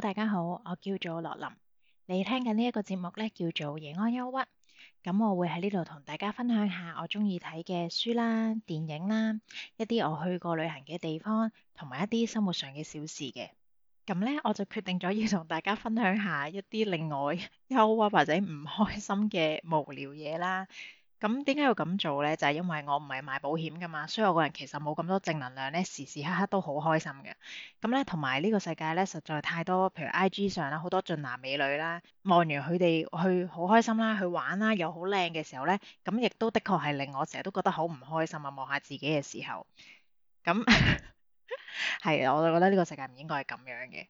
Hello, 大家好，我叫做洛琳。你聽緊呢一個節目咧，叫做夜安憂鬱。咁我會喺呢度同大家分享下我中意睇嘅書啦、電影啦，一啲我去過旅行嘅地方，同埋一啲生活上嘅小事嘅。咁咧，我就決定咗要同大家分享下一啲另外憂鬱或者唔開心嘅無聊嘢啦。咁點解要咁做咧？就係因為我唔係賣保險噶嘛，所以我個人其實冇咁多正能量咧，時時刻刻都好開心嘅。咁咧，同埋呢個世界咧，實在太多，譬如 I G 上啦，好多俊男美女啦，望完佢哋去好開心啦，去玩啦，又好靚嘅時候咧，咁亦都的確係令我成日都覺得好唔開心啊！望下自己嘅時候，咁係 我就覺得呢個世界唔應該係咁樣嘅。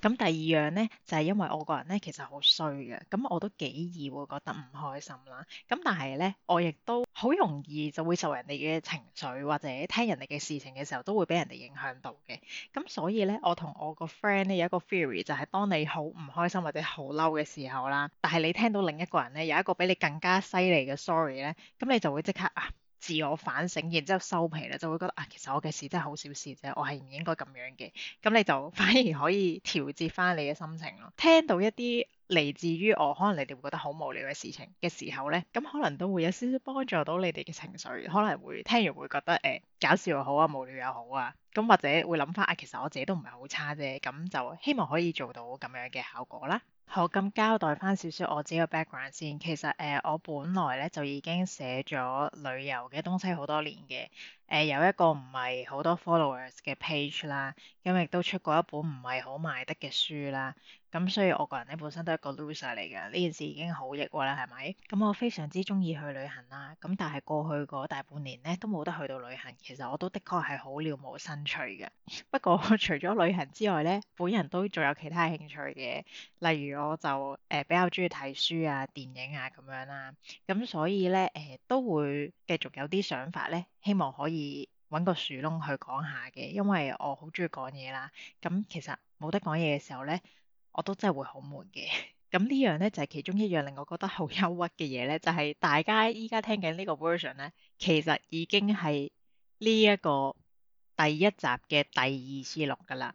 咁第二樣咧，就係因為我個人咧，其實好衰嘅，咁我都幾易會覺得唔開心啦。咁但係咧，我亦都好容易就會受人哋嘅情緒或者聽人哋嘅事情嘅時候，都會俾人哋影響到嘅。咁所以咧，我同我個 friend 咧，有一個 theory，就係當你好唔開心或者好嬲嘅時候啦，但係你聽到另一個人咧有一個比你更加犀利嘅 story 咧，咁你就會即刻啊～自我反省，然之後收皮咧，就會覺得啊，其實我嘅事真係好小事啫，我係唔應該咁樣嘅。咁你就反而可以調節返你嘅心情咯。聽到一啲嚟自於我，可能你哋會覺得好無聊嘅事情嘅時候咧，咁可能都會有少少幫助到你哋嘅情緒，可能會聽完會覺得誒、欸、搞笑又好啊，無聊又好啊。咁或者會諗返啊，其實我自己都唔係好差啫。咁就希望可以做到咁樣嘅效果啦。好，咁交代翻少少我自己嘅 background 先。其實誒、呃，我本來咧就已經寫咗旅遊嘅東西好多年嘅。誒、呃，有一個唔係好多 followers 嘅 page 啦，咁亦都出過一本唔係好賣得嘅書啦。咁所以我個人咧本身都係一個 loser 嚟嘅，呢件事已經好逆喎啦，係咪？咁我非常之中意去旅行啦，咁但係過去個大半年咧都冇得去到旅行，其實我都的確係好了無生趣嘅。 不過除咗旅行之外咧，本人都仲有其他興趣嘅，例如我就誒、呃、比較中意睇書啊、電影啊咁樣啦、啊。咁所以咧誒、呃、都會繼續有啲想法咧，希望可以揾個樹窿去講下嘅，因為我好中意講嘢啦。咁其實冇得講嘢嘅時候咧，我都真係會好悶嘅，咁呢樣咧就係、是、其中一樣令我覺得好憂鬱嘅嘢咧，就係、是、大家依家聽緊呢個 version 咧，其實已經係呢一個第一集嘅第二次錄㗎喇。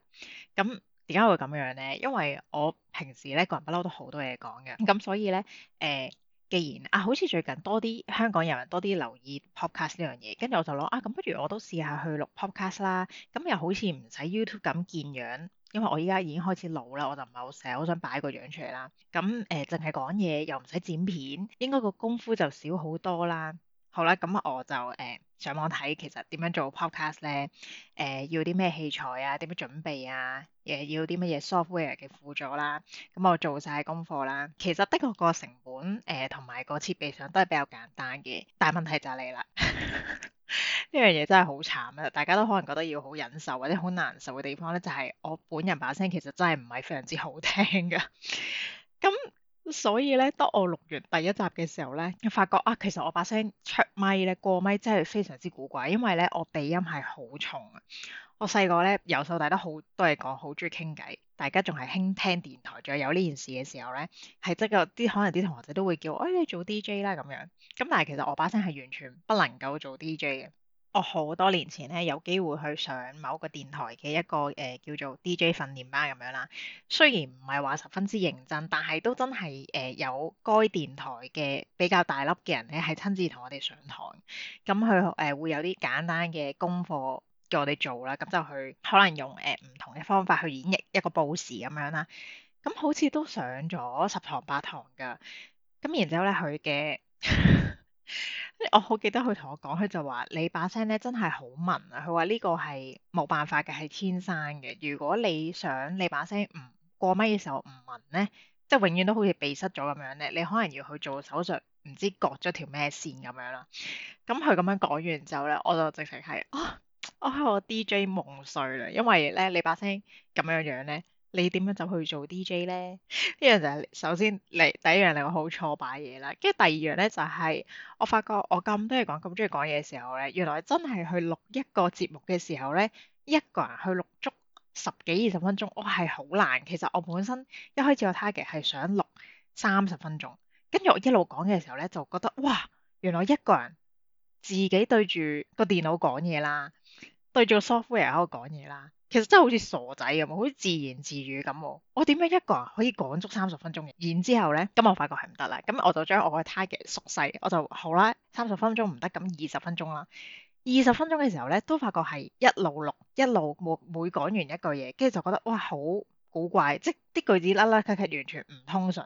咁點解會咁樣咧？因為我平時咧個人不嬲都好多嘢講嘅，咁所以咧誒、呃，既然啊，好似最近多啲香港有人多啲留意 podcast 呢樣嘢，跟住我就諗啊，咁不如我都試下去錄 podcast 啦。咁又好似唔使 YouTube 咁見樣。因為我依家已經開始老啦，我就唔係好成日好想擺個樣出嚟啦。咁誒，淨係講嘢又唔使剪片，應該個功夫就少好多啦。好啦，咁我就誒、呃、上網睇其實點樣做 podcast 咧，誒、呃、要啲咩器材啊，點樣準備啊，誒要啲乜嘢 software 嘅輔助啦。咁、嗯、我做晒功課啦，其實的確個成本誒同埋個設備上都係比較簡單嘅，但係問題就係你啦。 呢樣嘢真係好慘啦！大家都可能覺得要好忍受或者好難受嘅地方咧，就係我本人把聲其實真係唔係非常之好聽㗎。咁 所以咧，當我錄完第一集嘅時候咧，發覺啊，其實我把聲出咪咧過咪真係非常之古怪，因為咧我鼻音係好重啊。我細個咧，由細到大都好，都係講好中意傾偈。大家仲係興聽電台，仲有呢件事嘅時候咧，係即個啲可能啲同學仔都會叫我，哎，你做 DJ 啦咁樣。咁但係其實我把聲係完全不能夠做 DJ 嘅。我好多年前咧有機會去上某個電台嘅一個誒、呃、叫做 DJ 訓練班咁樣啦。雖然唔係話十分之認真，但係都真係誒、呃、有該電台嘅比較大粒嘅人咧，係親自同我哋上堂。咁佢誒會有啲簡單嘅功課。我哋做啦，咁就去可能用誒唔、呃、同嘅方法去演繹一個報時咁樣啦。咁好似都上咗十堂八堂㗎。咁然之後咧，佢嘅 我好記得佢同我講，佢就話：你把聲咧真係好聞啊！佢話呢個係冇辦法嘅，係天生嘅。如果你想你把聲唔過咪嘅時候唔聞咧，即係永遠都好似鼻塞咗咁樣咧，你可能要去做手術，唔知割咗條咩線咁樣啦。咁佢咁樣講完之後咧，我就直情係啊～、哦哦、我 D.J. 夢碎啦，因為咧你把聲咁樣樣咧，你點樣走去做 D.J. 咧？呢樣就係首先，你第一樣你我好錯把嘢啦，跟住第二樣咧就係、是、我發覺我咁多嘢講咁中意講嘢嘅時候咧，原來真係去錄一個節目嘅時候咧，一個人去錄足十幾二十分鐘，我係好難。其實我本身一開始個 target 係想錄三十分鐘，跟住我一路講嘅時候咧，就覺得哇，原來一個人自己對住個電腦講嘢啦。對住 software 喺度講嘢啦，其實真係好似傻仔咁，好似自言自語咁。我點樣一個人可以講足三十分鐘嘅？然之後咧，咁我發覺係唔得啦，咁我就將我嘅 target 縮細，我就好啦，三十分鐘唔得，咁二十分鐘啦。二十分鐘嘅時候咧，都發覺係一路錄，一路每每講完一句嘢，跟住就覺得哇好古怪，即啲句子甩甩咳咳完全唔通順。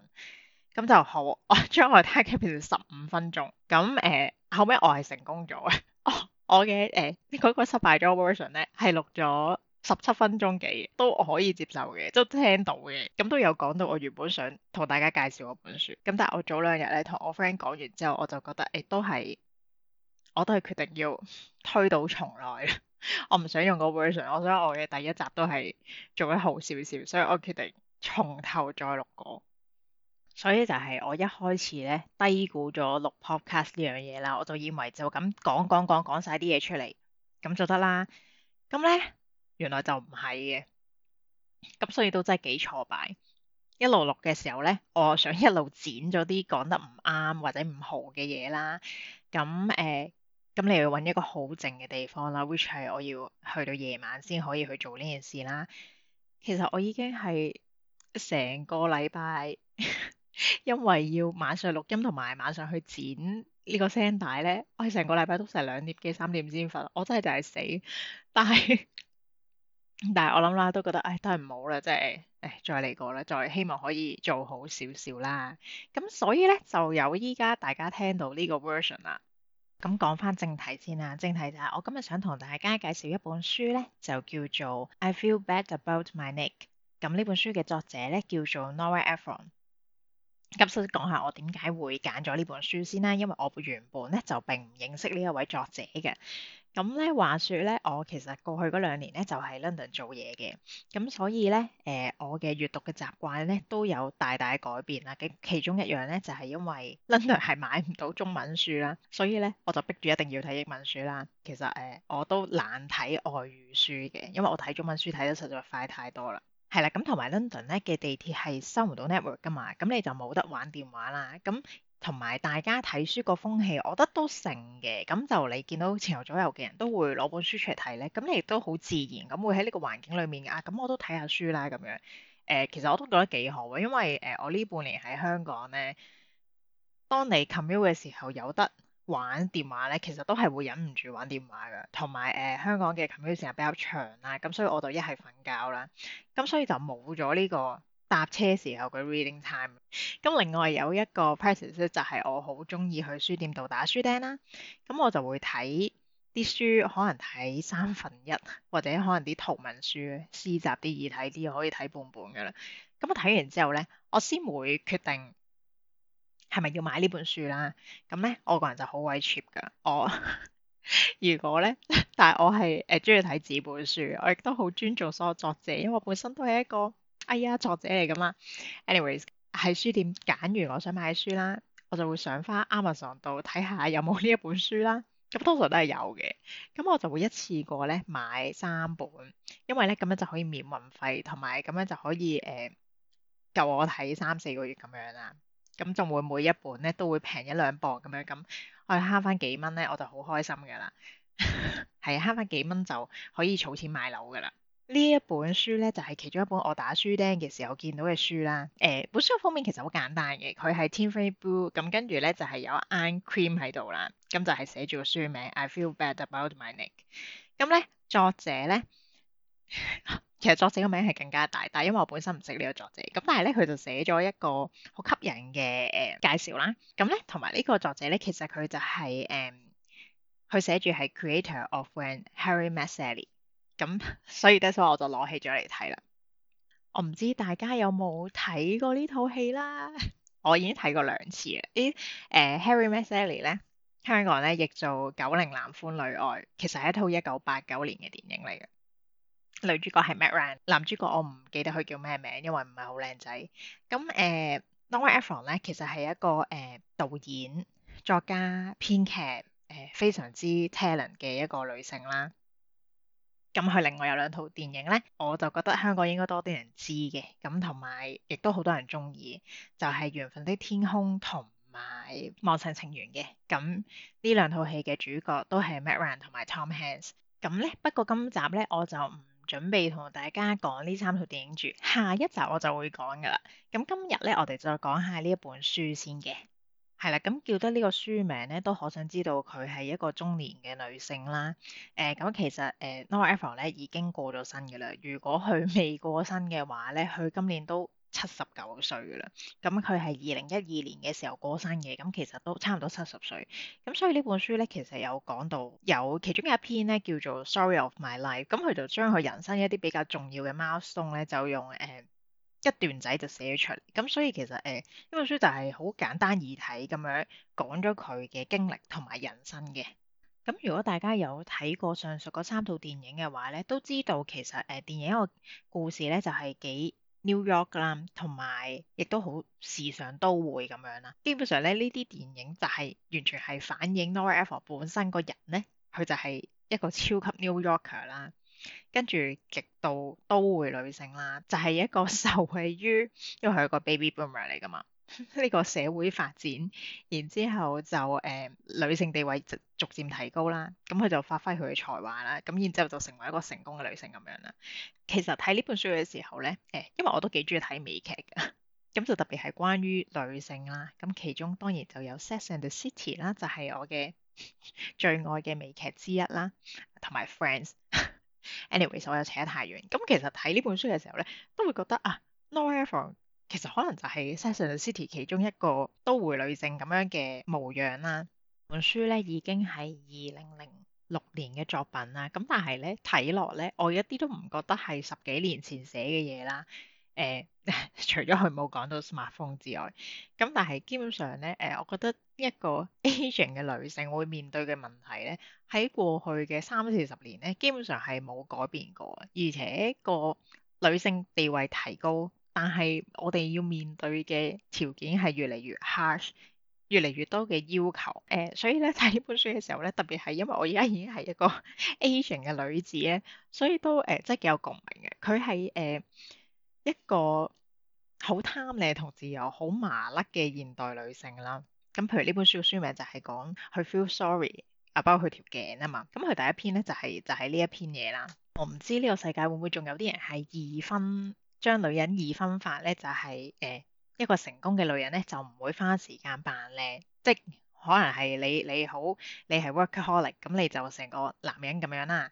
咁就好，我將我 target 變成十五分鐘。咁誒、呃，後尾我係成功咗嘅。哦。我嘅誒嗰個失敗咗嘅 version 咧，係錄咗十七分鐘幾，都可以接受嘅，都聽到嘅，咁都有講到我原本想同大家介紹嗰本書。咁但係我早兩日咧同我 friend 講完之後，我就覺得誒、欸、都係我都係決定要推倒重來。 我唔想用個 version，我想我嘅第一集都係做得好少少，所以我決定從頭再錄過。所以就係我一開始咧低估咗錄 podcast 呢樣嘢啦，我就以為就咁講講講講晒啲嘢出嚟咁就得啦。咁咧原來就唔係嘅。咁所以都真係幾挫敗。一路錄嘅時候咧，我想一路剪咗啲講得唔啱或者唔好嘅嘢啦。咁誒咁你要揾一個好靜嘅地方啦 ，which 係我要去到夜晚先可以去做呢件事啦。其實我已經係成個禮拜。因為要晚上錄音同埋晚上去剪個聲帶呢、哎、個聲帶咧，我成個禮拜都成兩點幾、三點先瞓，我真係就係死。但係但係我諗啦，都覺得唉、哎，都係唔好啦，即係誒再嚟過啦，再希望可以做好少少啦。咁所以咧，就有依家大家聽到呢個 version 啦。咁講返正題先啦，正題就係、是、我今日想同大家介紹一本書咧，就叫做《I Feel Bad About My Neck》。咁呢本書嘅作者咧叫做 Nora Ephron。咁先講下我點解會揀咗呢本書先啦，因為我原本咧就並唔認識呢一位作者嘅。咁咧話説咧，我其實過去嗰兩年咧就喺 London 做嘢嘅，咁所以咧誒我嘅閱讀嘅習慣咧都有大大改變啦。其中一樣咧就係因為 London 係買唔到中文書啦，所以咧我就逼住一定要睇英文書啦。其實誒我都難睇外語書嘅，因為我睇中文書睇得實在快太多啦。係啦，咁同埋 London 咧嘅地鐵係收唔到 network 噶嘛，咁你就冇得玩電話啦。咁同埋大家睇書個風氣，我覺得都成嘅。咁就你見到前後左右嘅人都會攞本書出嚟睇咧，咁你亦都好自然。咁會喺呢個環境裡面啊，咁我都睇下書啦咁樣。誒、呃，其實我都覺得幾好，因為誒、呃、我呢半年喺香港咧，當你 commute 嘅時候有得玩電話咧，其實都係會忍唔住玩電話噶，同埋誒香港嘅 commute 時間比較長啦，咁所以我就一係瞓覺啦，咁所以就冇咗呢個搭車時候嘅 reading time。咁另外有一個 practice 呢，就係我好中意去書店度打書釘啦，咁我就會睇啲書，可能睇三分一，或者可能啲圖文書、詩集啲易睇啲，可以睇半本噶啦。咁我睇完之後咧，我先會決定。係咪要買呢本書啦？咁咧，我個人就好鬼 cheap 噶。我 如果咧，但係我係誒中意睇紙本書，我亦都好尊重所有作者，因為我本身都係一個哎呀作者嚟噶嘛。Anyways，喺書店揀完我想買嘅書啦，我就會上翻 Amazon 度睇下有冇呢一本書啦。咁通常都係有嘅。咁我就會一次過咧買三本，因為咧咁樣就可以免運費，同埋咁樣就可以誒夠、呃、我睇三四個月咁樣啦。咁就會每一本咧都會平一兩磅咁樣，咁我哋慳翻幾蚊咧，我就好開心噶啦，係慳翻幾蚊就可以儲錢買樓噶啦。呢一本書咧就係、是、其中一本我打書釘嘅時候見到嘅書啦。誒、欸，本書嘅封面其實好簡單嘅，佢係天藍 blue，咁跟住咧就係、是、有一間 ice cream 喺度啦，咁就係寫住個書名 I Feel Bad About My Neck。咁咧作者咧。 其實作者個名係更加大，但係因為我本身唔識呢個作者，咁但係咧佢就寫咗一個好吸引嘅誒、呃、介紹啦。咁咧同埋呢個作者咧，其實佢就係、是、誒，佢、呃、寫住係 creator of When Harry Met Sally。咁所以咧所以我就攞起咗嚟睇啦。我唔知大家有冇睇過呢套戲啦？我已經睇過兩次啦。咦、呃、誒，Harry Met Sally 咧，香港咧譯做《九零男歡女愛》，其實係一套一九八九年嘅電影嚟嘅。女主角係 Meg Ryan，男主角我唔記得佢叫咩名，因為唔係好靚仔。咁誒、呃、，Nora Ephron 咧，其實係一個誒、呃、導演、作家、編劇誒、呃、非常之 talent 嘅一個女性啦。咁佢另外有兩套電影咧，我就覺得香港應該多啲人知嘅，咁同埋亦都好多人中意，就係、是《緣分的天空》同埋《網上情緣》嘅。咁呢兩套戲嘅主角都係 Meg Ryan 同埋 Tom Hanks。咁咧，不過今集咧我就唔～準備同大家講呢三套電影住，下一集我就會講㗎啦。咁今日咧，我哋就講下呢一本書先嘅，係啦。咁叫得呢個書名咧，都好想知道佢係一個中年嘅女性啦。誒、呃，咁其實誒，Nora Ephron 咧已經過咗身嘅啦。如果佢未過身嘅話咧，佢今年都七十九歲啦，咁佢係二零一二年嘅時候過身嘅，咁其實都差唔多七十歲。咁所以呢本書咧，其實有講到有其中一篇咧叫做《Story of My Life》，咁佢就將佢人生一啲比較重要嘅貓松咧，就用誒、呃、一段仔就寫出嚟。咁所以其實誒呢、呃、本書就係好簡單易睇咁樣講咗佢嘅經歷同埋人生嘅。咁如果大家有睇過上述嗰三套電影嘅話咧，都知道其實誒、呃、電影個故事咧就係幾。New York 啦，同埋亦都好時常都會咁樣啦。基本上咧，呢啲電影就係完全係反映 Nora Ephron 本身個人咧，佢就係一個超級 New Yorker 啦，跟住極度都會女性啦，就係、是、一個受惠於，因為佢係一個 Baby Boomer 嚟噶嘛。呢個社會發展，然之後就誒、呃、女性地位逐漸提高啦，咁佢就發揮佢嘅才華啦，咁然之後就成為一個成功嘅女性咁樣啦。其實睇呢本書嘅時候咧，誒、因為我都幾中意睇美劇㗎，咁就特別係關於女性啦，咁其中當然就有《Sex and the City》啦，就係我嘅最愛嘅美劇之一啦，同埋《Friends 》。Anyway，我又扯得太遠。咁其實睇呢本書嘅時候咧，都會覺得啊 n o 其實可能就係 Sex and the City 其中一個都會女性咁樣嘅模樣啦。本書咧已經係二零零六年嘅作品啦，咁但係咧，睇落咧，我一啲都唔覺得係十幾年前寫嘅嘢啦。誒、呃，除咗佢冇講到 smartphone 之外，咁但係基本上咧，誒、呃，我覺得一個 aging 嘅女性會面對嘅問題咧，喺過去嘅三四十年咧，基本上係冇改變過，而且個女性地位提高。但係我哋要面對嘅條件係越嚟越 harsh 越嚟越多嘅要求。誒、呃，所以咧睇呢本書嘅時候咧，特別係因為我而家已經係一個 Asian 嘅女子咧，所以都誒、呃、真係幾有共鳴嘅。佢係誒一個好貪靚同自由、好麻甩嘅現代女性啦。咁譬如呢本書嘅書名就係講佢 feel sorry 啊，包括佢條頸啊嘛。咁佢第一篇咧就係、是、就係呢一篇嘢啦。我唔知呢個世界會唔會仲有啲人係二婚。將女人二分法咧，就係、是、誒、呃、一個成功嘅女人咧，就唔會花時間扮靚，即可能係你你好，你係 workaholic，咁你就成個男人咁樣啦、啊。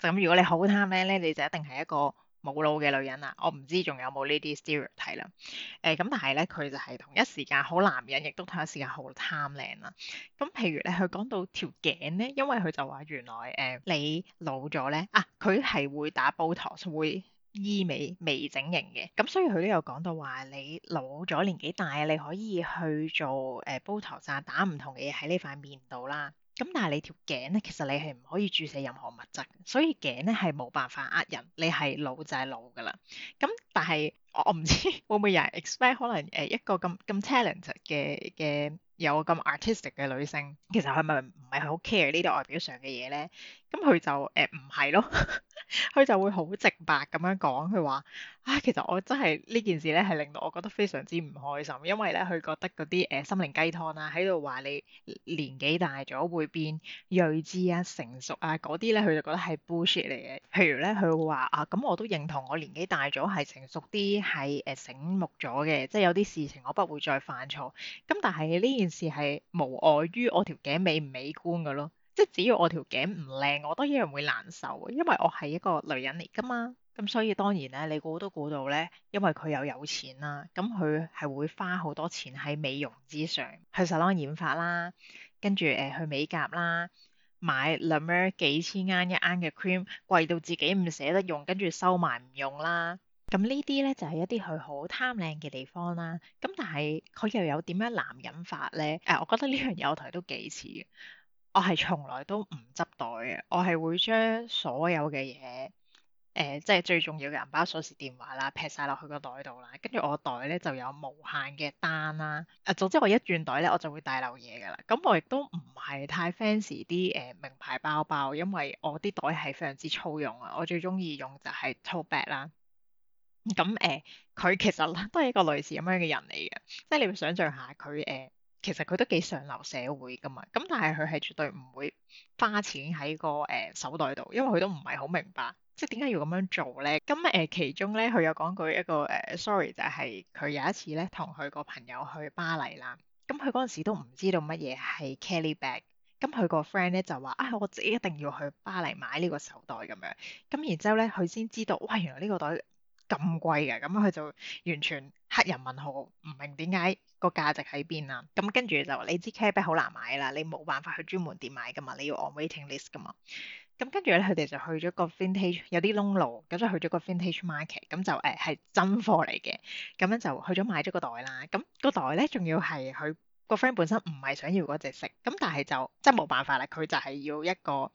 咁如果你好貪靚咧，你就一定係一個冇腦嘅女人啦。我唔知仲有冇呢啲 stereotype 啦。誒、呃、咁，但係咧佢就係同一時間好男人，亦都同一時間好貪靚啦。咁譬如咧，佢講到條頸咧，因為佢就話原來誒、呃、你老咗咧啊，佢係會打 botox 會。醫美微整形嘅，咁所以佢都有講到話你老咗年紀大，你可以去做誒煲、呃、頭紮打唔同嘅嘢喺呢塊面度啦。咁但係你條頸咧，其實你係唔可以注射任何物質，所以頸咧係冇辦法呃人，你係老就係老㗎啦。咁但係我我唔知會唔會有人 expect 可能誒一個咁咁 talent 嘅嘅有咁 artistic 嘅女性，其實係咪唔係好 care 呢啲外表上嘅嘢咧？咁佢就誒唔係咯，佢 就會好直白咁樣講，佢話啊，其實我真係呢件事咧係令到我覺得非常之唔開心，因為咧佢覺得嗰啲誒心靈雞湯啊，喺度話你年紀大咗會變睿智啊、成熟啊嗰啲咧，佢就覺得係 bullshit 嚟嘅。譬如咧，佢會話啊，咁我都認同我年紀大咗係成熟啲，係誒、呃、醒目咗嘅，即係有啲事情我不會再犯錯。咁但係呢件事係無礙於我條頸美唔美觀㗎咯。即係只要我條頸唔靚，我都一樣會難受，因為我係一個女人嚟㗎嘛。咁所以當然咧，你估都估到咧，因為佢又有錢啦，咁佢係會花好多錢喺美容之上，去 salon 染髮啦，跟住誒、呃、去美甲啦，買兩百幾千蚊一盎嘅 cream，貴到自己唔捨得用，跟住收埋唔用啦。咁呢啲咧就係、是、一啲佢好貪靚嘅地方啦。咁但係佢又有點樣男人法咧？誒、呃，我覺得呢樣嘢我同佢都幾似。我係從來都唔執袋嘅，我係會將所有嘅嘢，誒、呃，即係最重要嘅銀包、鎖匙、電話啦，劈晒落去個袋度啦，跟住我袋咧就有無限嘅單啦，啊，總之我一轉袋咧我就會帶漏嘢㗎啦。咁我亦都唔係太 fancy 啲誒、呃、名牌包包，因為我啲袋係非常之粗用啊，我最中意用就係 Tote Bag 啦。咁誒，佢、呃、其實都係一個類似咁樣嘅人嚟嘅，即係你會想像下佢誒。其實佢都幾上流社會㗎嘛，咁但係佢係絕對唔會花錢喺個誒手袋度，因為佢都唔係好明白，即係點解要咁樣做咧？咁誒其中咧，佢有講過一個誒、呃、，sorry 就係佢有一次咧同佢個朋友去巴黎啦，咁佢嗰陣時都唔知道乜嘢係 Kelly Bag，咁佢個 friend 咧就話啊，我自己一定要去巴黎買呢個手袋咁樣，咁然之後咧佢先知道，哇原來呢個袋。咁貴嘅，咁佢就完全黑人問號，唔明點解個價值喺邊啊？咁跟住就話你支 Cabat 好難買啦，你冇辦法去專門店買噶嘛，你要 on waiting list 噶嘛。咁跟住咧，佢哋就去咗個 vintage，有啲窿路，咁就去咗個 vintage market，咁就誒係真貨嚟嘅。咁樣就去咗、欸、買咗個袋啦。咁個袋咧仲要係佢個 friend 本身唔係想要嗰隻色，咁但係就真冇辦法啦，佢就係要一個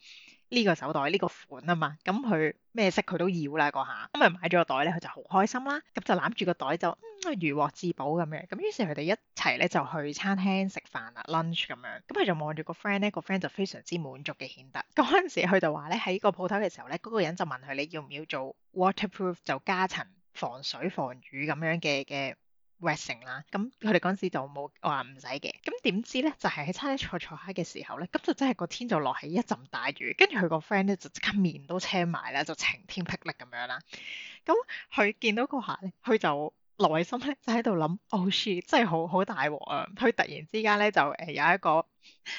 呢個手袋呢個款啊嘛，咁佢咩色佢都要啦嗰下，咁咪買咗個袋咧，佢就好開心啦，咁就攬住個袋就嗯，如獲至寶咁樣，咁於是佢哋一齊咧就去餐廳食飯啦，lunch 咁樣，咁佢就望住個 friend 咧，個 friend 就非常之滿足嘅顯得，咁嗰陣時佢就話咧喺個鋪頭嘅時候咧，嗰個人就問佢你要唔要做 waterproof 就加層防水防雨咁樣嘅嘅。resting 啦，咁佢哋嗰陣時就冇話唔使嘅。咁點知咧，就係喺餐廳坐坐下嘅時候咧，咁就真係個天就落起一陣大雨，跟住佢個 friend 咧就即刻面都青埋啦，就晴天霹靂咁樣啦。咁、嗯、佢見到個客咧，佢就內心咧就喺度諗：Oh shit！真係好好大鑊啊！佢突然之間咧就誒有一個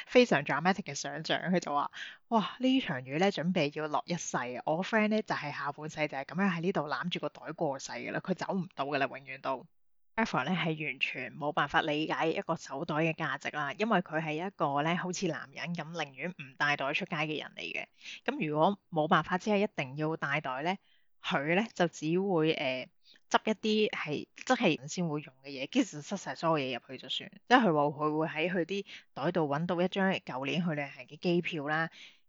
非常 dramatic 嘅想像，佢就話：哇、wow！呢場雨咧準備要落一世，我個 friend 咧就係、是、下半世就係、是、咁樣喺呢度攬住個袋過世㗎啦，佢走唔到㗎啦，永遠都了了。Eva 咧係完全冇辦法理解一個手袋嘅價值啦，因為佢係一個咧好似男人咁，寧願唔帶袋出街嘅人嚟嘅。咁如果冇辦法，只係一定要帶袋咧，佢咧就只會誒、呃、執一啲係即係先會用嘅嘢，跟住就塞曬所有嘢入去就算。即係佢話佢會喺佢啲袋度揾到一張舊年去旅行嘅機票啦，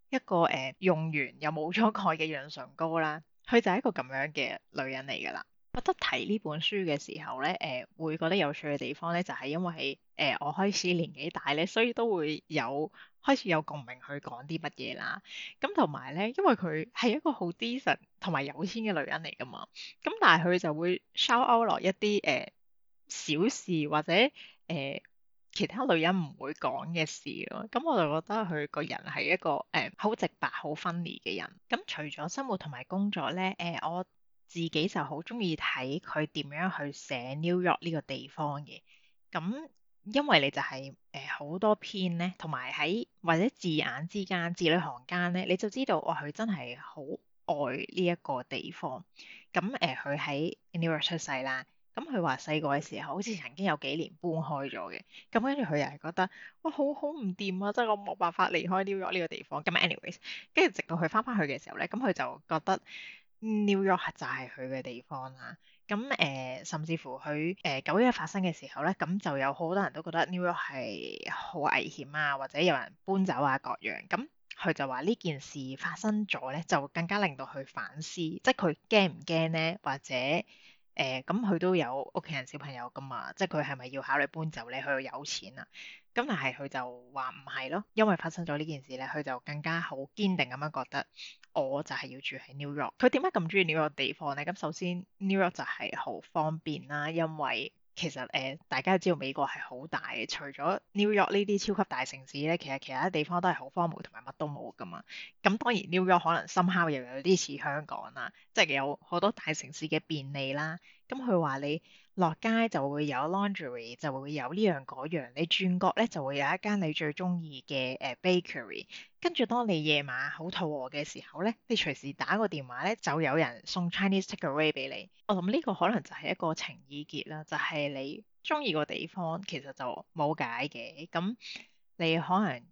一個誒、呃、用完又冇咗蓋嘅潤唇膏啦，佢就係一個咁樣嘅女人嚟㗎啦。覺得提呢本書嘅時候咧，誒、呃、會覺得有趣嘅地方咧，就係、是、因為誒、呃、我開始年紀大咧，所以都會有開始有共鳴去講啲乜嘢啦。咁同埋咧，因為佢係一個好 decent 同埋有錢嘅女人嚟噶嘛，咁、嗯、但係佢就會 shout 落一啲誒、呃、小事或者誒、呃、其他女人唔會講嘅事咯。咁、嗯、我就覺得佢個人係一個誒好、呃、直白、好分裂嘅人。咁、嗯、除咗生活同埋工作咧，誒、呃、我。自己就好中意睇佢點樣去寫 New York 呢個地方嘅，咁因為你就係誒好多篇咧，同埋喺或者字眼之間、字裏行間咧，你就知道哦，佢真係好愛呢一個地方。咁誒，佢喺 New York 出世啦，咁佢話細個嘅時候好似曾經有幾年搬開咗嘅，咁跟住佢又係覺得哇，好好唔掂啊，真係我冇辦法離開 New York 呢個地方。咁 anyways，跟住直到佢返返去嘅時候咧，咁佢就覺得。New York 就係佢嘅地方啦，咁誒、呃，甚至乎佢誒、呃、九一發生嘅時候咧，咁就有好多人都覺得 New York 係好危險啊，或者有人搬走啊各樣，咁佢就話呢件事發生咗咧，就更加令到佢反思，即係佢驚唔驚咧？或者誒咁佢都有屋企人小朋友㗎嘛，即係佢係咪要考慮搬走咧？佢有，有錢啊，咁但係佢就話唔係咯，因為發生咗呢件事咧，佢就更加好堅定咁樣覺得。我就係要住喺 New York。佢點解咁中意 New York 地方咧？咁首先 New York 就係好方便啦，因為其實誒、呃、大家都知道美國係好大嘅，除咗 New York 呢啲超級大城市咧，其實其他地方都係好荒蕪同埋乜都冇噶嘛。咁當然 New York 可能深烤又有啲似香港啦，即、就、係、是、有好多大城市嘅便利啦。咁佢話你落街就會有 laundry，就會有呢樣嗰樣。你轉角咧就會有一間你最中意嘅誒 bakery。跟住當你夜晚好肚餓嘅時候咧，你隨時打個電話咧，就有人送 Chinese takeaway 俾你。我諗呢個可能就係一個情意結啦，就係、是、你中意個地方其實就冇解嘅。咁、嗯、你可能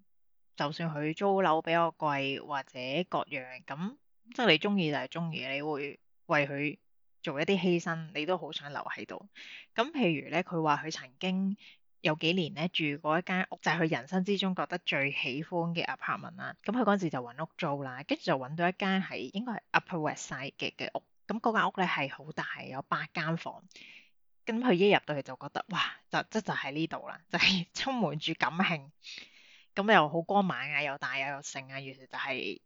就算佢租樓比較貴或者各樣，咁、嗯、即係你中意就係中意，你會為佢。做一啲犧牲，你都好想留喺度。咁譬如咧，佢話佢曾經有幾年咧住過一間屋，就係佢人生之中覺得最喜歡嘅 apartment 啦。咁佢嗰陣時就揾屋租啦，跟住就揾到一間喺應該係 Upper West Side 嘅嘅屋。咁嗰間屋咧係好大，有八間房。咁佢一入到去就覺得哇，就即就喺呢度啦，就係充滿住感興，咁又好光猛啊，又大又盛啊，原來就係。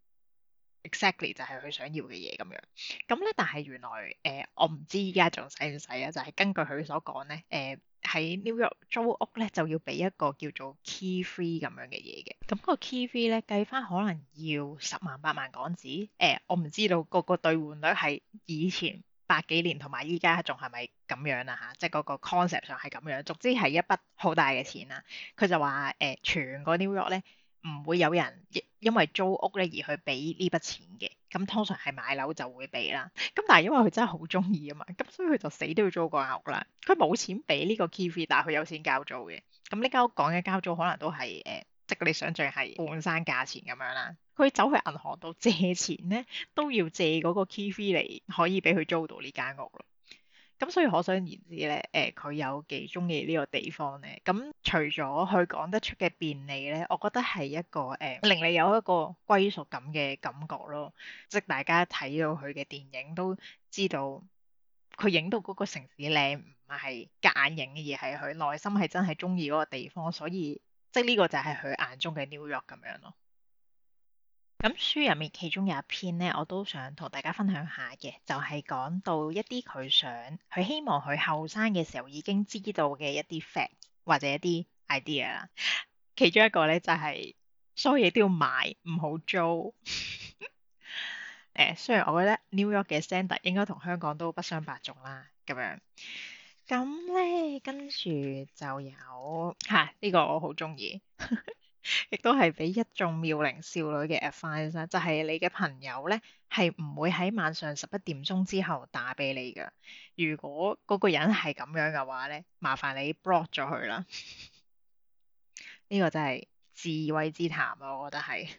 exactly 就係佢想要嘅嘢咁樣，咁咧但係原來誒、呃、我唔知依家仲使唔使啊，就係、是、根據佢所講咧誒喺 New York 租屋咧就要俾一個叫做 key free 咁樣嘅嘢嘅，咁個 key free 咧計翻可能要十萬八萬港紙，誒、呃、我唔知道個個兌換率係以前百幾年同埋依家仲係咪咁樣啦、啊、嚇，即係嗰個 concept 上係咁樣，總之係一筆好大嘅錢啦、啊，佢就話誒、呃、全個 New York 咧。唔會有人因因為租屋咧而去俾呢筆錢嘅，咁通常係買樓就會俾啦。咁但係因為佢真係好中意啊嘛，咁所以佢就死都要租個屋啦。佢冇錢俾呢個 key fee，但係佢有錢交租嘅。咁呢間屋講嘅交租可能都係誒、呃，即係你想象，係半山價錢咁樣啦。佢走去銀行度借錢咧，都要借嗰個 key fee 嚟，可以俾佢租到呢間屋咯。咁所以可想而知咧，誒、呃、佢有幾中意呢個地方咧。咁除咗佢講得出嘅便利咧，我覺得係一個誒、呃、令你有一個歸屬感嘅感覺咯。即大家睇到佢嘅電影都知道，佢影到嗰個城市靚，唔係係隔硬影而係佢內心係真係中意嗰個地方，所以即呢個就係佢眼中嘅 New York 咁樣咯。咁書入面其中有一篇咧，我都想同大家分享下嘅，就係、是、講到一啲佢想佢希望佢後生嘅時候已經知道嘅一啲 fact 或者一啲 idea 啦。其中一個咧就係、是，所有嘢都要買，唔好租。誒、 欸，雖然我覺得 New York 嘅 standard 應該同香港都不相伯仲啦，咁樣。咁咧，跟住就有嚇，呢、啊這個我好中意。 亦都係俾一眾妙齡少女嘅 advice 咧，就係你嘅朋友咧係唔會喺晚上十一點鐘之後打俾你噶。如果嗰個人係咁樣嘅話咧，麻煩你 block 咗佢啦。呢 個真係智慧之談啊，我覺得係。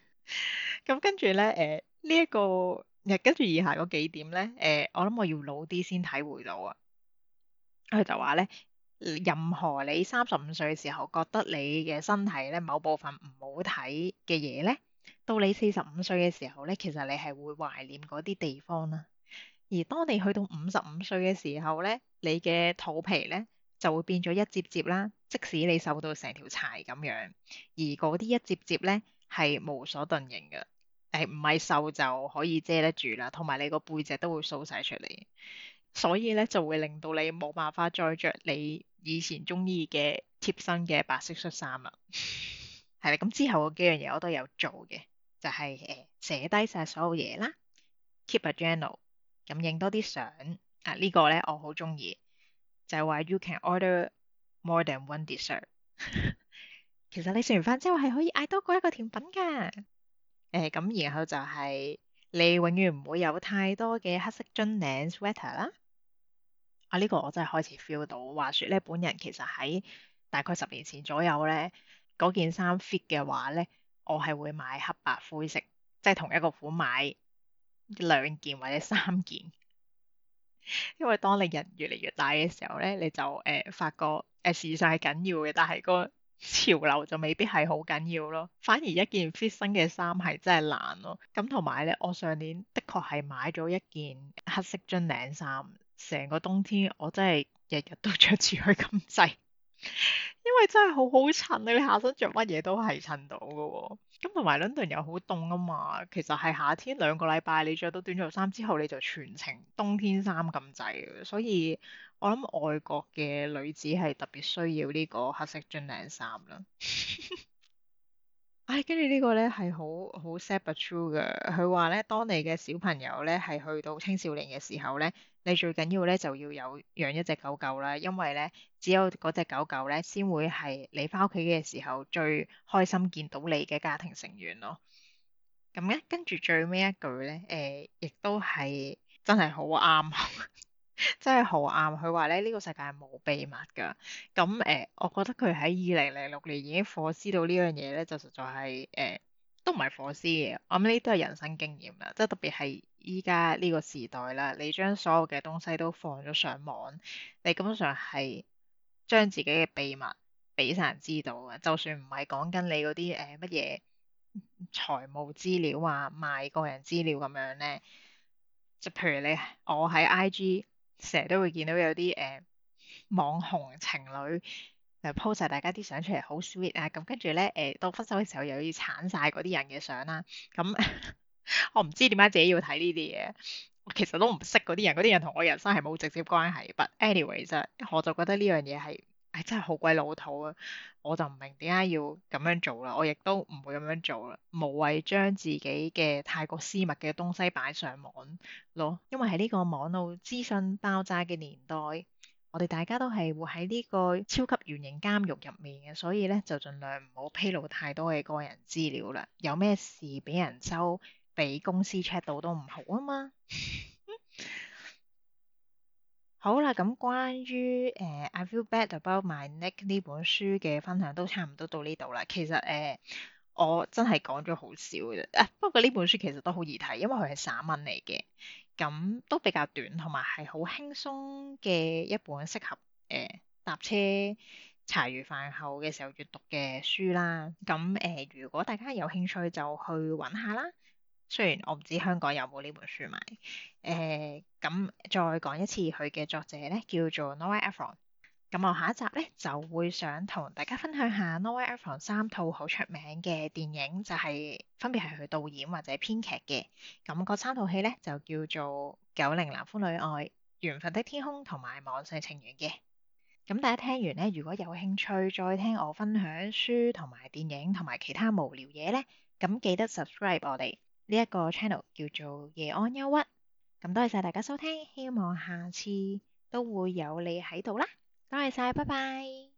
咁 跟住咧，誒呢一個，跟住以下嗰幾點咧，誒、呃、我諗我要老啲先體會到啊。佢就話咧。任何你三十五歲嘅時候覺得你嘅身體咧某部分唔好睇嘅嘢咧，到你四十五歲嘅時候咧，其實你係會懷念嗰啲地方啦。而當你去到五十五歲嘅時候咧，你嘅肚皮咧就會變咗一節節啦，即使你瘦到成條柴咁樣，而嗰啲一節節咧係無所遁形噶，誒唔係瘦就可以遮得住啦，同埋你個背脊都會 show 晒出嚟，所以咧就會令到你冇辦法再着你以前中意嘅貼身嘅白色恤衫啊，係 啦，咁之後嘅幾樣嘢我都有做嘅，就係、是、誒、呃、寫低晒所有嘢啦，keep a journal，咁、嗯、影多啲相啊、這個、呢個咧我好中意，就係話 you can order more than one dessert 其實你食完飯之後係可以嗌多過一個甜品㗎，誒、呃、咁、嗯、然後就係、是、你永遠唔會有太多嘅黑色樽領 sweater 啦。呢、啊呢個我真係開始 feel 到，話説咧，本人其實喺大概十年前左右咧，嗰件衫 fit 嘅話咧，我係會買黑白灰色，即係同一個款買兩件或者三件。 因為當你人越嚟越大嘅時候咧，你就誒、呃、發覺誒、呃、時尚係緊要嘅，但係個潮流就未必係好緊要咯。反而一件 fit 身嘅衫係真係難咯。咁同埋咧，我上年的確係買咗一件黑色樽領衫。成個冬天我真係日日都着住佢咁滯，因為真係好好襯啊！你下身着乜嘢都係襯到噶，咁同埋倫敦又好凍啊嘛，其實係夏天兩個禮拜你着到短袖衫之後，你就全程冬天衫咁滯，所以我諗外國嘅女子係特別需要呢個黑色樽領衫啦。 哎，跟住呢個咧係好好 sad but true 㗎。佢話咧，當你嘅小朋友咧係去到青少年嘅時候咧，你最緊要咧就要有養一隻狗狗啦，因為咧只有嗰隻狗狗咧先會係你返屋企嘅時候最開心見到你嘅家庭成員咯。咁咧，跟住最尾一句咧，誒、呃，亦都係真係好啱。 真係好啱，佢話咧呢、這個世界係冇秘密㗎。咁誒、呃，我覺得佢喺二零零六年已經火師到呢樣嘢咧，就實在係誒、呃、都唔係火師嘅。我諗呢都係人生經驗啦。即係特別係依家呢個時代啦，你將所有嘅東西都放咗上網，你根本上係將自己嘅秘密俾晒人知道啊！就算唔係講緊你嗰啲誒乜嘢財務資料啊、賣個人資料咁樣咧，就譬如你我喺 IG。成日都會見到有啲誒、呃、網紅情侶嚟、呃、post 晒大家啲相出嚟，好 sweet 啊！咁跟住咧誒，到分手嘅時候又要鏟晒嗰啲人嘅相啦。咁、啊嗯、 我唔知點解自己要睇呢啲嘢，我其實都唔識嗰啲人，嗰啲人同我人生係冇直接關係，but anyway，其實我就覺得呢樣嘢係～誒、哎、真係好鬼老土啊！我就唔明點解要咁樣做啦，我亦都唔會咁樣做啦，無謂將自己嘅太過私密嘅東西擺上網咯。因為喺呢個網絡資訊爆炸嘅年代，我哋大家都係會喺呢個超級圓形監獄入面嘅，所以咧就盡量唔好披露太多嘅個人資料啦。有咩事俾人收，俾公司 check 到都唔好啊嘛～ 好啦，咁關於誒、uh, I feel bad about my neck 呢本書嘅分享都差唔多到呢度啦。其實誒、uh, 我真係講咗好少嘅，啊、uh, 不過呢本書其實都好易睇，因為佢係散文嚟嘅，咁都比較短同埋係好輕鬆嘅一本，適合誒搭、uh, 車、茶餘飯後嘅時候閱讀嘅書啦。咁誒，uh, 如果大家有興趣就去揾下啦。雖然我唔知香港有冇呢本書賣，誒、呃、咁再講一次佢嘅作者咧叫做 Nora Ephron。咁我下一集咧就會想同大家分享下 Nora Ephron 三套好出名嘅電影，就係、是、分別係佢導演或者編劇嘅。咁、那、嗰、個、三套戲咧就叫做《九零男歡女愛》、《緣分的天空》同埋《網上情緣》嘅。咁大家聽完咧，如果有興趣再聽我分享書同埋電影同埋其他無聊嘢咧，咁記得 subscribe 我哋。呢一個 channel 叫做夜安憂鬱，咁多謝大家收聽，希望下次都會有你喺度啦，多謝晒，拜拜。